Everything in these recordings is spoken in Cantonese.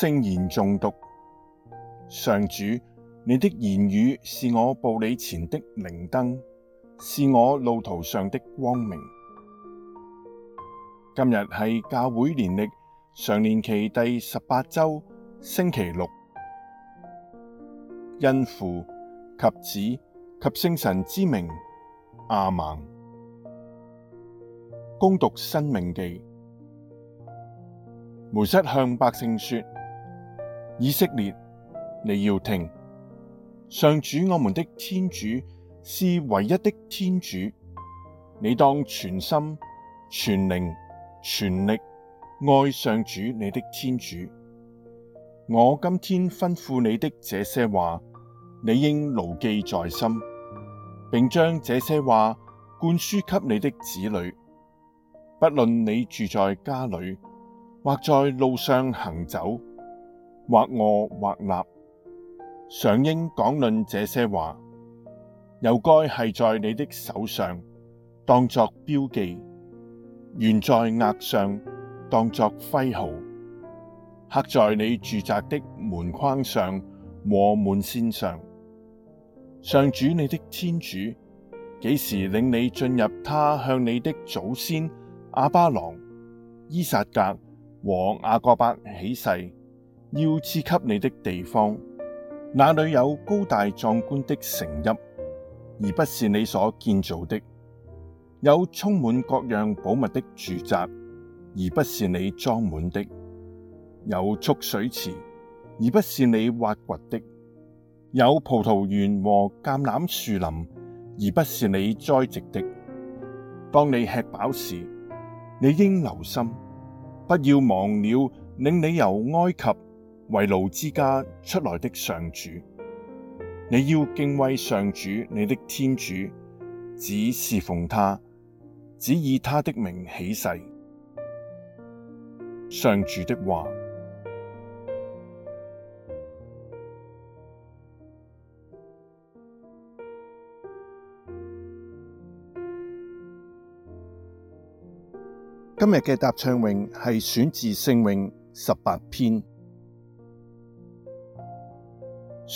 聖言誦讀。上主，你的言語是我步你前的明燈，是我路途上的光明。今日係教會年曆常年期第十八周星期六，因父及子及聖神之名，阿們。恭讀申命紀，梅瑟向百姓說。以色列，你要聽，上主我們的天主是唯一的天主，你當全心、全靈、全力愛上主你的天主。我今天吩咐你的這些話，你應牢記在心，並將這些話灌輸給你的子女，不論你住在家裏或在路上行走。或臥或立，常應講論這些話，又該繫在你的手上當作標記，懸在額上當作徽號，刻在你住宅的門框上和門扇上。上主你的天主，幾時領你進入他向你的祖先亞巴郎、依撒格和雅各伯起誓，要賜給你的地方，那裏有高大壯觀的城邑，而不是你所建造的；有充滿各樣寶物的住宅，而不是你裝滿的；有蓄水池，而不是你挖掘的；有葡萄園和橄欖樹林，而不是你栽植的。當你吃飽時，你應留心，不要忘了領你由埃及，為奴之家出來的上主，你要敬畏上主你的天主，只事奉他，只以他的名起誓。上主的話。今日嘅答唱詠是選自聖詠十八篇。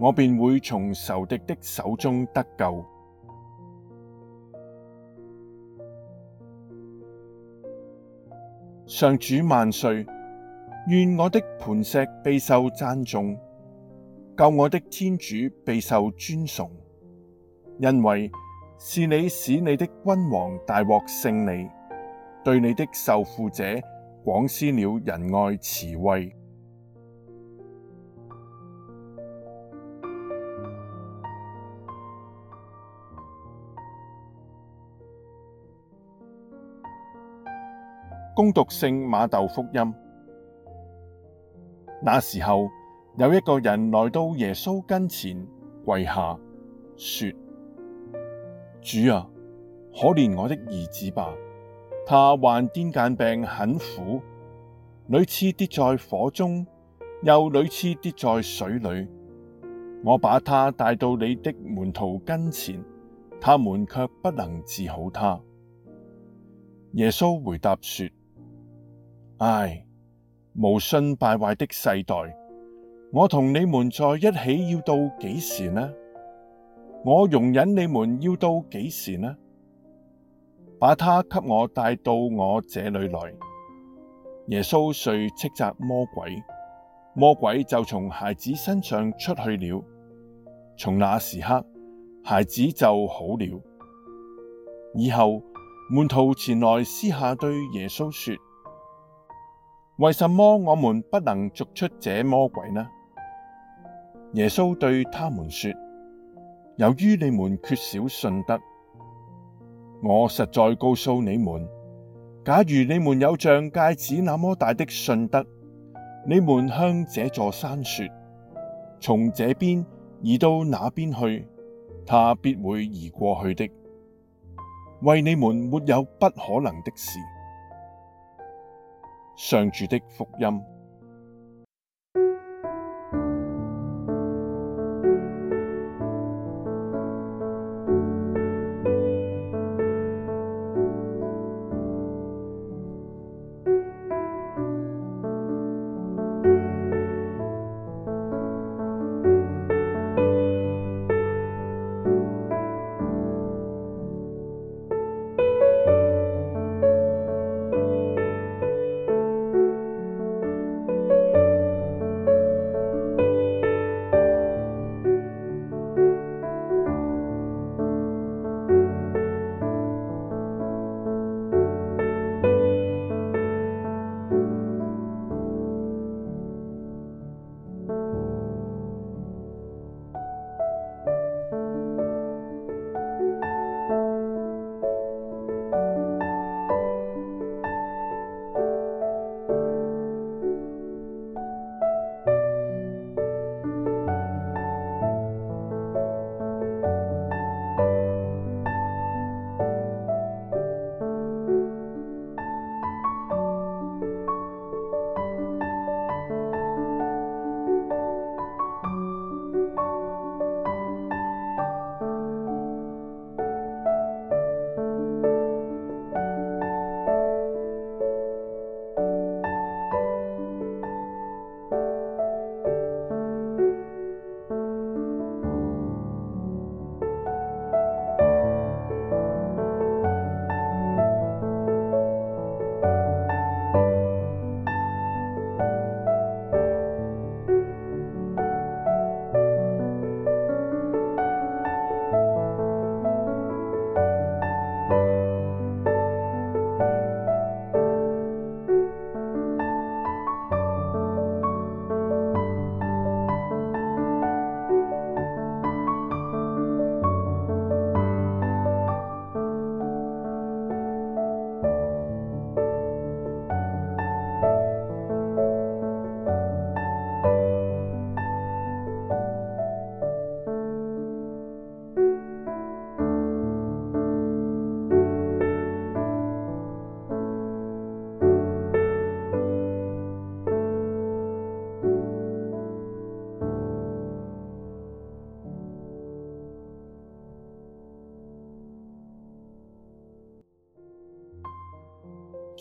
我便會從仇敵的手中得救。上主萬歲！願我的磐石備受讚頌，救我的天主備受尊崇，因為是你使你的君王大獲勝利，對你的受傅者廣施了仁愛慈惠。恭讀聖瑪竇福音。那時候，有一個人來到耶穌跟前，跪下說：主啊，可憐我的兒子吧！他患癲癇病，很苦，屢次跌在火中，又屢次跌在水裏。我把他帶到你的門徒跟前，他們却不能治好他。耶穌回答說。唉，無信敗壞的世代，我同你們在一起要到幾時呢？我容忍你們要到幾時呢？把他給我帶到我這裏來。耶穌遂斥責魔鬼，魔鬼就從孩子身上出去了。從那時刻，孩子就好了。以後門徒前來私下對耶穌說。為什麼我們不能逐出這魔鬼呢？耶穌對他們說：由於你們缺少信德，我實在告訴你們，假如你們有像芥子那麼大的信德，你們向這座山說：從這邊移到那邊去，它必會移過去的。為你們沒有不可能的事。上主的福音。